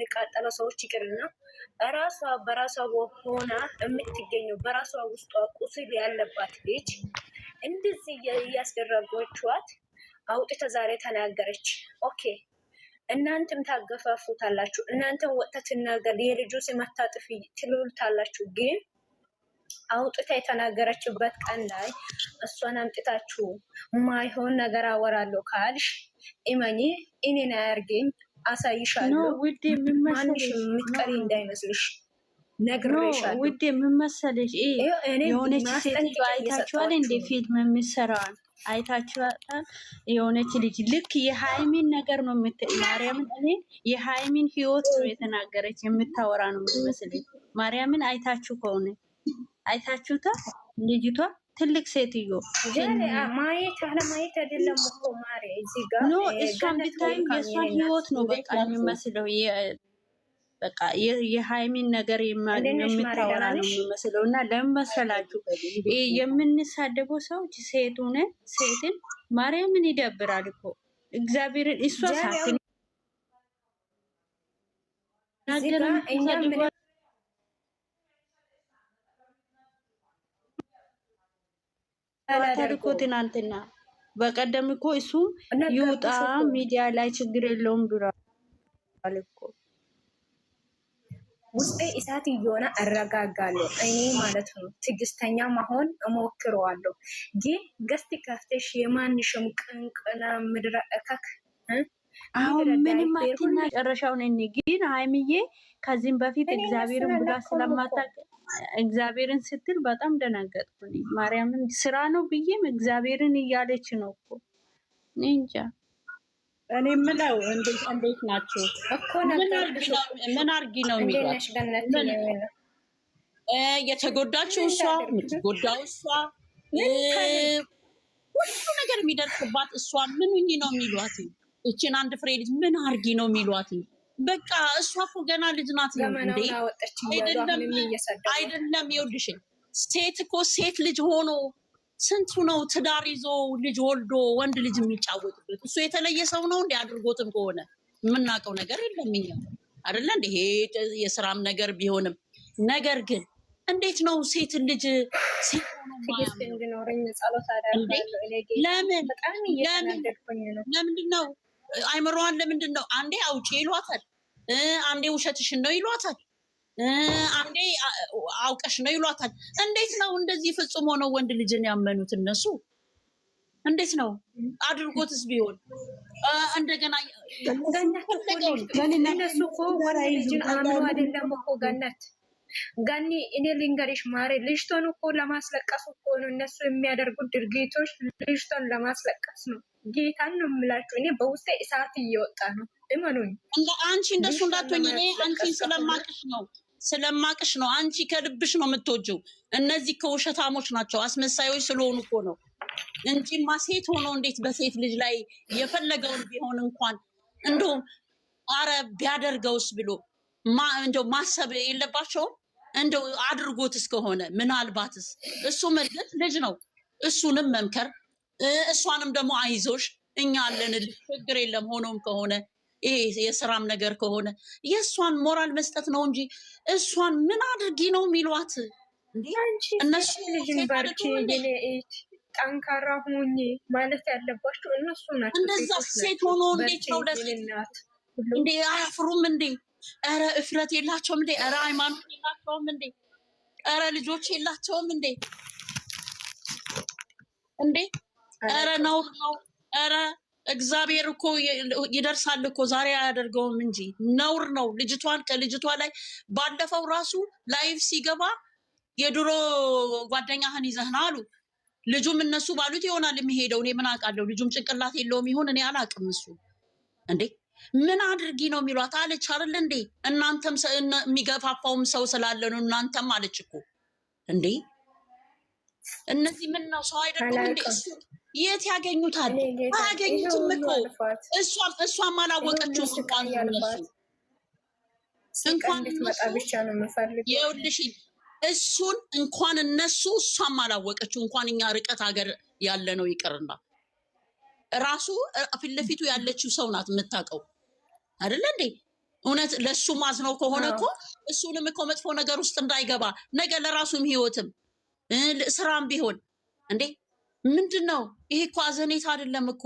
የምንቃጠለው ሰዎች ይቅርና ራሷ በራሷ ሆና የምትገኘው በራሷ ውስጧ ቁስል ያለባት ልጅ እንደዚህ እያስደረገችዋት አውጥታ ዛሬ ተናገረች። ኦኬ እናንተም ታገፋፉታላችሁ፣ እናንተም ወጥታ ትናገር የልጁ ስመታጥፍ ትሉልታላችሁ። ግን አውጥታ የተናገረችበት ቀን ላይ እሷን አምጥታችሁ ማይሆን ነገር አወራለሁ ካልሽ እመኚ እኔን አያርገኝ አሳይሻለሁ። ውዴ ምንሽ የምትቀሪ እንዳይመስልሽ ነግሬሻለሁ። ውዴ ምን መሰለሽ የሆነች ሴትዮ አይታችኋል፣ እንደ ፊልም የሚሰራዋል አይታችኋታል። የሆነች ልጅ ልክ የሃይሚን ነገር ነው ማርያምን፣ እኔ የሃይሚን ህይወት ነው የተናገረች የምታወራ ነው የምትመስለኝ። ማርያምን አይታችሁ ከሆነ አይታችሁታ ልጅቷ ትልቅ ሴትዮ ማየት አለማየት አይደለም እኮ ማሪ፣ እዚህ ጋር ኖ እሷን ብታይም የእሷን ህይወት ነው በቃ የሚመስለው። በቃ የሃይሚን ነገር የምታወራ ነው የሚመስለው። እና ለምን መሰላችሁ የምንሳደበው ሰዎች ሴቱን ሴትን ማርያምን ይደብራል እኮ እግዚአብሔርን እሷ ሳትን አታል እኮ ትናንትና በቀደም እኮ እሱ ይውጣ ሚዲያ ላይ ችግር የለውም ብሏል እኮ። ውስጤ እሳት እየሆነ አረጋጋለሁ እኔ ማለት ነው። ትዕግስተኛ መሆን እሞክረዋለሁ። ግን ገስት ከፍተሽ የማንሽም ቅንቅነ ምድረ እከክ አሁን ምንም አትና ጨረሻውን ግን ሀይሚዬ ከዚህም በፊት እግዚአብሔርን ብላ ስለማታውቅ እግዚአብሔርን ስትል በጣም ደነገጥኩኝ። ማርያምን ስራ ነው ብዬም እግዚአብሔርን እያለች ነው እኮ እንጃ። እኔ ምለው እንዴት ናችሁ እኮ ምን አርጊ ነው የሚሏት? የተጎዳችው እሷ፣ የምትጎዳው እሷ፣ ሁሉ ነገር የሚደርስባት እሷ። ምን ነው የሚሏት? እችን አንድ ፍሬ ልጅ ምን አርጊ ነው የሚሏት? በቃ እሷ እኮ ገና ልጅ ናት። እንዴ አይደለም፣ ሴት እኮ ሴት ልጅ ሆኖ ስንቱ ነው ትዳር ይዞ ልጅ ወልዶ ወንድ ልጅ የሚጫወትበት። እሱ የተለየ ሰው ነው እንዲ አድርጎትም ከሆነ የምናውቀው ነገር የለም እኛ አይደለ እንደ ይሄ የስራም ነገር ቢሆንም ነገር ግን እንዴት ነው ሴት ልጅ ለምን ለምንድን ነው አይምሮዋን ለምንድን ነው አንዴ አውጪ ይሏታል አንዴ ውሸትሽን ነው ይሏታል፣ አንዴ አውቀሽ ነው ይሏታል። እንዴት ነው እንደዚህ ፍጹም ሆነው ወንድ ልጅን ያመኑት እነሱ? እንዴት ነው አድርጎትስ ቢሆን እንደገና እነሱ እኮ ወንድ ልጅን አምኖ አይደለም እኮ ገነት ጋኒ እኔ ልንገርሽ ማሬ ልጅቶን እኮ ለማስለቀስ እኮ ነው እነሱ የሚያደርጉት ድርጊቶች ልጅቶን ለማስለቀስ ነው። ጌታን ነው የምላችሁ። እኔ በውስጤ እሳት እየወጣ ነው። እመኑኝ። አንቺ እንደሱ እንዳትሆኝ እኔ አንቺን ስለማቅሽ ነው ስለማቅሽ ነው። አንቺ ከልብሽ ነው የምትወጂው። እነዚህ ከውሸታሞች ናቸው አስመሳዮች ስለሆኑ እኮ ነው እንጂማ ሴት ሆኖ እንዴት በሴት ልጅ ላይ የፈለገውን ቢሆን እንኳን እንደውም አረ ቢያደርገውስ ብሎ እንደው ማሰብ የለባቸውም። እንደው አድርጎት እስከሆነ ምናልባትስ እሱ መልገት ልጅ ነው። እሱንም መምከር እሷንም ደግሞ አይዞሽ እኛ አለን፣ ችግር የለም ሆኖም ከሆነ ይሄ የስራም ነገር ከሆነ የእሷን ሞራል መስጠት ነው እንጂ እሷን ምን አድርጊ ነው የሚሏት? እነሱ ጠንካራ ሆኜ ማለት ያለባቸው እነሱ ናቸው። እንደዛ ሴት ሆኖ እንዴት ነው ለሴት እንዴ አያፍሩም እንዴ? ኧረ እፍረት የላቸውም እንዴ? ኧረ ሃይማኖት የላቸውም እንዴ? ኧረ ልጆች የላቸውም እንዴ? እንዴ ኧረ ነውር ነው ኧረ እግዚአብሔር እኮ ይደርሳል እኮ ዛሬ አያደርገውም እንጂ ነውር ነው። ልጅቷን ከልጅቷ ላይ ባለፈው ራሱ ላይቭ ሲገባ የድሮ ጓደኛህን ይዘህና አሉ። ልጁም እነሱ ባሉት ይሆናል የሚሄደው። እኔ ምን አውቃለሁ? ልጁም ጭንቅላት የለውም ይሆን እኔ አላውቅም። እሱ እንዴ ምን አድርጊ ነው የሚሏት አለች አይደል እንዴ? እናንተም የሚገፋፋውም ሰው ስላለ ነው እናንተም አለች እኮ እንዴ። እነዚህ ምን ነው ሰው አይደለም እንዴ? የት ያገኙታል? አያገኙትም እኮ እሷም አላወቀችው። እንኳን እንኳን ይኸውልሽ እሱን እንኳን እነሱ እሷም አላወቀችው። እንኳን እኛ ርቀት ሀገር ያለ ነው ይቅርና ራሱ ፊት ለፊቱ ያለችው ሰው ናት የምታውቀው አይደለ እንዴ? እውነት ለእሱ ማዝነው ከሆነ እኮ እሱንም እኮ መጥፎ ነገር ውስጥ እንዳይገባ ነገ ለራሱም ህይወትም ስራም ቢሆን እንዴ ምንድን ነው ይሄ? እኮ አዘኔታ አይደለም እኮ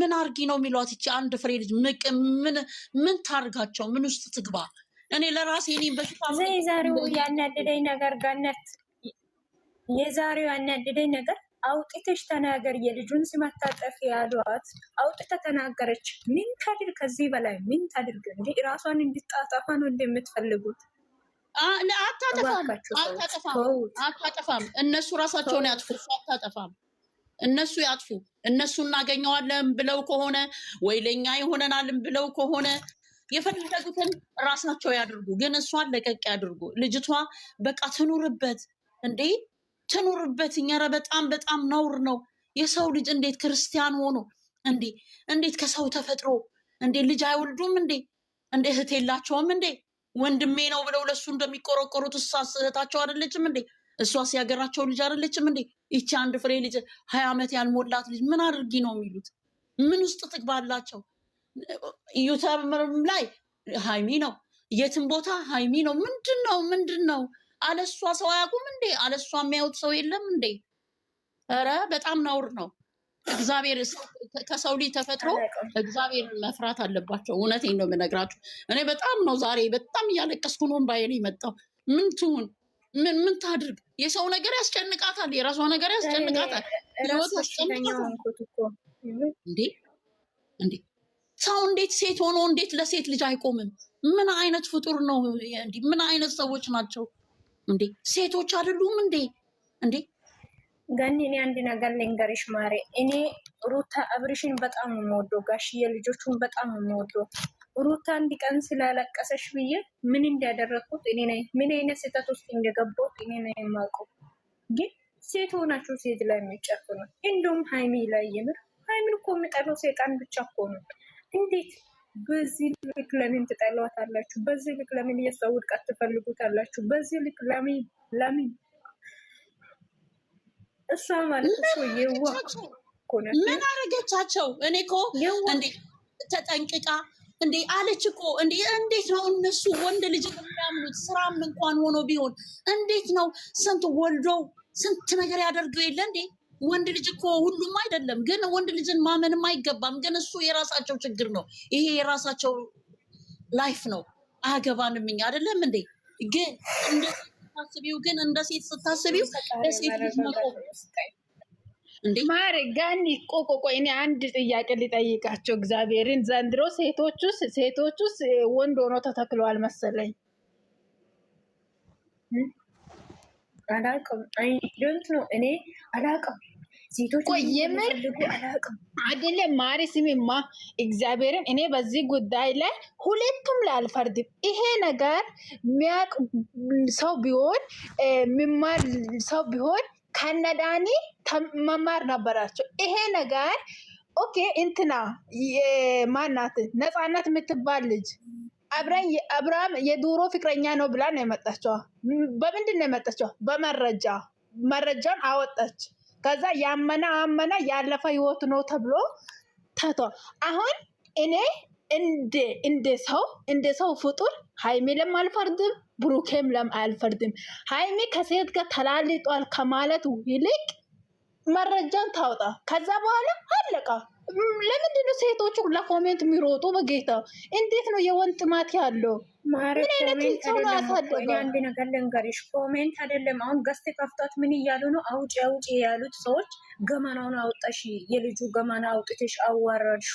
ምን አርጊ ነው የሚሏት? ይቺ አንድ ፍሬ ልጅ ምን ምን ታርጋቸው? ምን ውስጥ ትግባ? እኔ ለራሴ ኔ በሽታ የዛሬው ያናደደኝ ነገር ጋነት የዛሬው ያናደደኝ ነገር አውጥተሽ ተናገር። የልጁን ሲመታጠፍ ያሏት አውጥተ ተናገረች። ምን ታድር ከዚህ በላይ ምን ታድርግ? እንዲ ራሷን እንድታጠፋ ነው እንደምትፈልጉት? አታጠፋም፣ አታጠፋም፣ አታጠፋም። እነሱ ራሳቸውን ያጥፉ፣ አታጠፋም እነሱ ያጥፉ። እነሱ እናገኘዋለን ብለው ከሆነ ወይ ለኛ ይሆነናልን ብለው ከሆነ የፈለጉትን ራሳቸው ያድርጉ። ግን እሷን ለቀቅ ያድርጉ። ልጅቷ በቃ ትኑርበት እንዴ ትኑርበት። እኛ ኧረ በጣም በጣም ነውር ነው። የሰው ልጅ እንዴት ክርስቲያን ሆኖ እንዴ እንዴት ከሰው ተፈጥሮ እንዴ ልጅ አይወልዱም እንዴ እንዴ እህት የላቸውም እንዴ ወንድሜ ነው ብለው ለሱ እንደሚቆረቆሩት እሷ እህታቸው አይደለችም እንዴ? እሷስ ያገራቸው ልጅ አይደለችም እንዴ? ይቺ አንድ ፍሬ ልጅ ሀያ ዓመት ያልሞላት ልጅ ምን አድርጊ ነው የሚሉት? ምን ውስጥ ጥግባላቸው? ዩተምርም ላይ ሀይሚ ነው፣ የትም ቦታ ሀይሚ ነው። ምንድን ነው ምንድን ነው? አለሷ ሰው አያውቁም እንዴ? አለሷ የሚያዩት ሰው የለም እንዴ? ኧረ በጣም ነውር ነው። እግዚአብሔር ከሰው ልጅ ተፈጥሮ እግዚአብሔር መፍራት አለባቸው። እውነቴን ነው የምነግራቸው። እኔ በጣም ነው ዛሬ በጣም እያለቀስኩ ነው ባየን የመጣው ምን ትሁን ምን ምን ታድርግ? የሰው ነገር ያስጨንቃታል፣ የራሷ ነገር ያስጨንቃታል፣ ህይወት ያስጨንቃታል። እንዴ እንዴ ሰው እንዴት ሴት ሆኖ እንዴት ለሴት ልጅ አይቆምም? ምን አይነት ፍጡር ነው? እንዲ ምን አይነት ሰዎች ናቸው? እንዴ ሴቶች አይደሉም እንዴ? እንዴ ገኒ፣ እኔ አንድ ነገር ልንገርሽ ማሬ፣ እኔ ሩታ አብርሽን በጣም የምወደው፣ ጋሽዬ ልጆቹን በጣም የምወደው ሩታ አንድ ቀን ስላለቀሰሽ ብዬ ምን እንዳደረግኩት እኔ ነኝ፣ ምን አይነት ስህተት ውስጥ እንደገባሁት እኔ ነኝ የማውቀው። ግን ሴት ሆናችሁ ሴት ላይ የሚጨፍ ነው። እንዲሁም ሀይሚ ላይ የምር ሀይሚን እኮ የሚጠላው ሴጣን ብቻ እኮ ነው። እንዴት በዚህ ልክ ለምን ትጠሏታላችሁ? በዚህ ልክ ለምን የሷ ውድቀት ትፈልጉታላችሁ? በዚህ ልክ ለምን ለምን እሷ ማለት እኮ የዋ ምን አረገቻቸው? እኔ እኮ እንዴ ተጠንቅቃ እንዴ አለች እኮ እንዴ! እንዴት ነው እነሱ ወንድ ልጅ የሚያምኑት? ስራም እንኳን ሆኖ ቢሆን እንዴት ነው ስንት ወልዶ ስንት ነገር ያደርገው የለ እንዴ! ወንድ ልጅ እኮ ሁሉም አይደለም፣ ግን ወንድ ልጅን ማመንም አይገባም። ግን እሱ የራሳቸው ችግር ነው። ይሄ የራሳቸው ላይፍ ነው። አያገባንም እኛ አይደለም እንዴ! ግን እንደ ሴት ስታስቢው ግን እንደ ሴት ስታስቢው ለሴት ልጅ መቆም እንዴ ማር ጋን ቆቆቆ እኔ አንድ ጥያቄ ሊጠይቃቸው እግዚአብሔርን ዘንድሮ ሴቶቹስ ሴቶቹስ ወንድ ሆኖ ተተክለዋል መሰለኝ። አላቅም እኔ አላቅም። አይደለም። ማሪ ስሚማ እግዚአብሔርን እኔ በዚህ ጉዳይ ላይ ሁለቱም ላልፈርድም። ይሄ ነገር ሚያቅ ሰው ቢሆን ሚማር ሰው ቢሆን ከነዳኒ መማር ነበራቸው። ይሄ ነገር ኦኬ እንትና ማናት ነፃነት የምትባል ልጅ አብርሃም የዱሮ ፍቅረኛ ነው ብላ ነው የመጣቸዋ። በምንድን ነው የመጣችው? በመረጃ መረጃውን አወጣች። ከዛ ያመና አመና ያለፈ ህይወት ነው ተብሎ ተቷል። አሁን እኔ እንዴ እንደ ሰው እንደ ሰው ፍጡር ሃይሚ ለም አልፈርድም፣ ብሩኬም ለም አልፈርድም። ሀይሜ ከሴት ጋር ተላልጧል ከማለት ይልቅ መረጃን ታውጣ። ከዛ በኋላ አለቃ። ለምንድነው ሴቶቹ ለኮሜንት የሚሮጡ? በጌታ እንዴት ነው የወንድ ጥማት ያለው? ምን አይነት ሰው አንድ ነገር ልንገርሽ፣ ኮሜንት አይደለም አሁን ገስት ከፍቷት ምን እያሉ ነው? አውጪ አውጪ ያሉት ሰዎች ገመናውን አውጠሽ የልጁ ገመና አውጥተሽ አዋረድሹ፣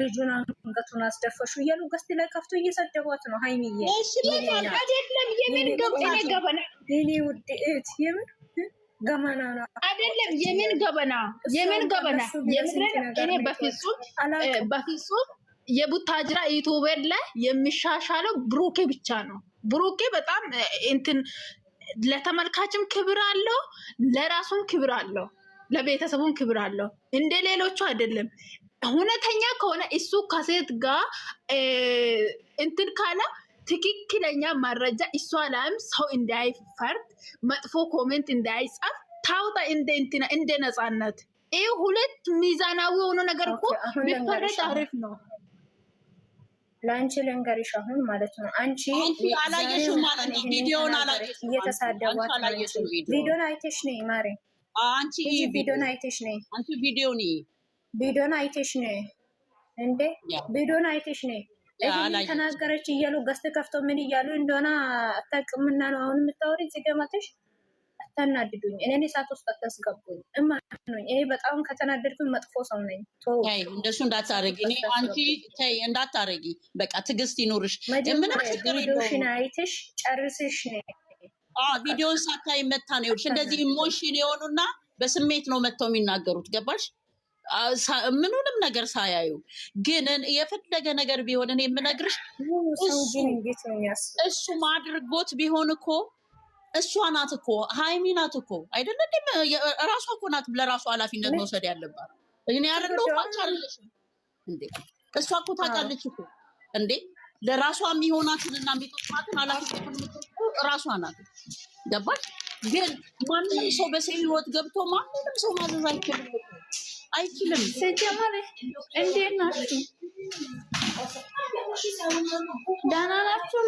ልጁን አንገቱን አስደፈሹ እያሉ ገስት ላይ ከፍቶ እየሰደቧት ነው። ሀይሚዬ እሺ፣ አይደለም የምን ገበና ገበና እኔ ውድ እህት የምን ገመና አይደለም። የምን ገበና የምን ገበና የምንን በፍጹም በፍጹም የቡታጅራ ዩቱበር ላይ የሚሻሻለው ብሩኬ ብቻ ነው። ብሩኬ በጣም እንትን ለተመልካችም ክብር አለው፣ ለራሱም ክብር አለው፣ ለቤተሰቡም ክብር አለው። እንደ ሌሎቹ አይደለም። እውነተኛ ከሆነ እሱ ከሴት ጋር እንትን ካለው። ትክክለኛ መረጃ እሷ ላይም ሰው እንዳይፈርድ መጥፎ ኮሜንት እንዳይጻፍ ታውጣ እንደ እንትና እንደ ነጻነት ይህ ሁለት ሚዛናዊ የሆነ ነገር እኮ ቢፈረድ አሪፍ ነው። ለአንቺ ልንገርሽ አሁን ማለት ነው። አንቺ አላየሽም ማለት ነው። ቪዲዮን አላየሽም፣ እየተሳደቧት ቪዲዮን አይተሽ ነይ ማሬ፣ አንቺ ቪዲዮን አይተሽ ነይ፣ አንቺ ቪዲዮን ቪዲዮን አይተሽ ነይ፣ እንዴ ቪዲዮን አይተሽ ነይ ተናገረች እያሉ ገዝተ ከፍቶ ምን እያሉ እንደሆነ አታውቅምና ነው አሁን የምታወሪ ጽገማትሽ። አታናድዱኝ፣ እኔን እሳት ውስጥ አታስገቡኝ። እማኑኝ፣ እኔ በጣም ከተናደድኩኝ መጥፎ ሰው ነኝ። እንደሱ እንዳታረጊ፣ እኔ አንቺ ተይ እንዳታረጊ። በቃ ትዕግስት ይኖርሽ። ምንም አይትሽ ጨርስሽ ነ ቪዲዮን ሳታይ መታ ነው ይኸውልሽ፣ እንደዚህ ኢሞሽን የሆኑና በስሜት ነው መጥተው የሚናገሩት። ገባሽ? ምኑንም ነገር ሳያዩ ግን የፈለገ ነገር ቢሆን እኔ የምነግርሽ እሱ ማድርጎት ቢሆን እኮ እሷ ናት እኮ ሀይሚ ናት እኮ አይደለ? ራሷ እኮ ናት ለራሷ ኃላፊነት መውሰድ ያለባት። እኔ ያደለው ቻለሽ እሷ እኮ ታውቃለች እኮ እንዴ ለራሷ የሚሆናትንና የሚጠቅማትን ኃላፊነት ራሷ ናት። ገባች? ግን ማንም ሰው በሰው ህይወት ገብቶ ማንንም ሰው ማዘዝ አይችልም። አይችልም። ስጀመር እንዴት ናችሁ? ደህና ናችሁ?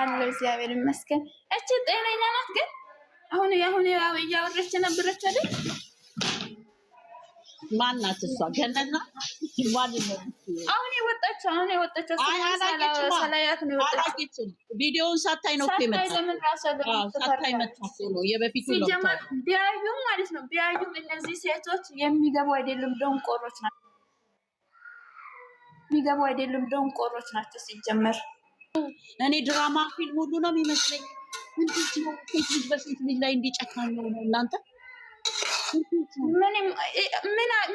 አለ እግዚአብሔር ይመስገን። እች ጤነኛ ናት። ግን አሁን አሁን እያወረች ነበረች አይደል? ማናት እሷ? ገነና ነው? አሁን የወጣችው አሁን የወጣችው ሳላያት ነው የወጣችው። ቪዲዮውን ሳታይ ነው ሳታይ የበፊቱ ቢያዩም ማለት ነው ቢያዩም እነዚህ ሴቶች የሚገቡ አይደሉም፣ ደንቆሮች ናቸው። የሚገቡ አይደሉም፣ ደንቆሮች ናቸው። ሲጀመር እኔ ድራማ ፊልም ሁሉ ነው የሚመስለኝ። እንዴት ሴት ልጅ በሴት ልጅ ላይ እንዲጨካኝ ነው እናንተ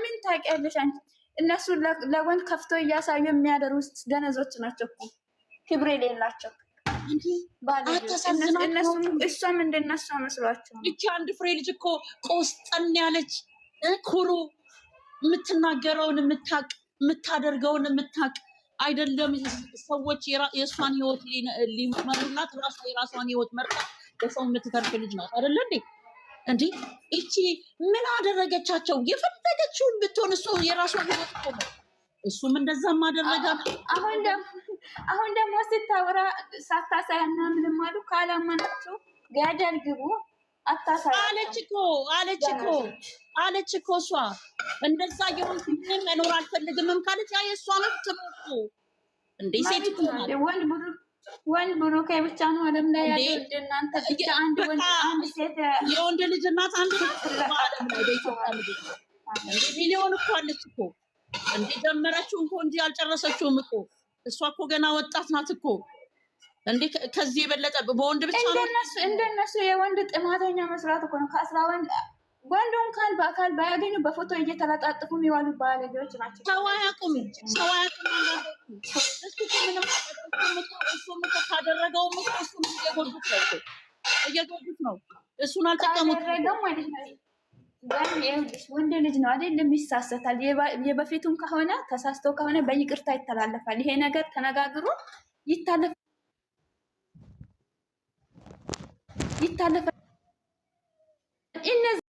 ምን ታውቂያለሽ አንቺ? እነሱ ለወንድ ከፍቶ እያሳዩ የሚያደሩ ውስጥ ደነዞች ናቸው እኮ ክብር የሌላቸው። እሷም እንደነሱ መስሏቸው። እቺ አንድ ፍሬ ልጅ እኮ ቆስጠን ያለች ኩሩ፣ የምትናገረውን የምታቅ፣ የምታደርገውን የምታቅ አይደለም ሰዎች የእሷን ህይወት ሊመሩላት ራሷ የራሷን ህይወት መርጣ ለሰው የምትተርፍ ልጅ ናት አይደለ እንዴ? እንዲህ እቺ ምን አደረገቻቸው? የፈለገችውን ብትሆን እሱ የራሷ ህይወት እኮ እሱም እንደዛም አደረጋ። አሁን ደግሞ ስታወራ ሳታሳያና ምንም አሉ ካላመናቸው ገደል ግቡ። አለች እኮ አለች እኮ አለች እኮ እሷ እንደዛ የሆንኩ ምንም መኖር አልፈልግምም ካለች ያ የእሷ ነው ትሞቁ እንዴ ሴት ወንድ ወንድ ብሩኬ ብቻ ነው አለም ላይ ያለው። እናንተ ብቻ አንድ ወንድ አንድ ሴት የወንድ ልጅ እናት አንድ አለም ላይ በኢትዮጵያ ምድር ሚሊዮን እኮ አለች እኮ እንደ ጀመረችው እኮ እንጂ አልጨረሰችውም እኮ እሷ እኮ ገና ወጣት ናት እኮ እንዴ ከዚህ የበለጠ በወንድ ብቻ ነው እንደነሱ እንደነሱ የወንድ ጥማተኛ መስራት እኮ ነው። ከአስራ ወንድ ወንዱን ካል በአካል ባያገኙ በፎቶ እየተለጣጥፉ የሚዋሉ ባለጌዎች ናቸው። ሰው አያውቁም፣ ሰው አያውቁም። እሱ ምንም እሱም እኮ ካደረገውም እኮ እሱም እየጎዱት ነው እኮ እየጎዱት ነው። እሱን አልጠቀሙት ወንድ ልጅ ነው አይደለም፣ ይሳሰታል። የበፊቱም ከሆነ ተሳስቶ ከሆነ በይቅርታ ይተላለፋል። ይሄ ነገር ተነጋግሮ ይታለፍ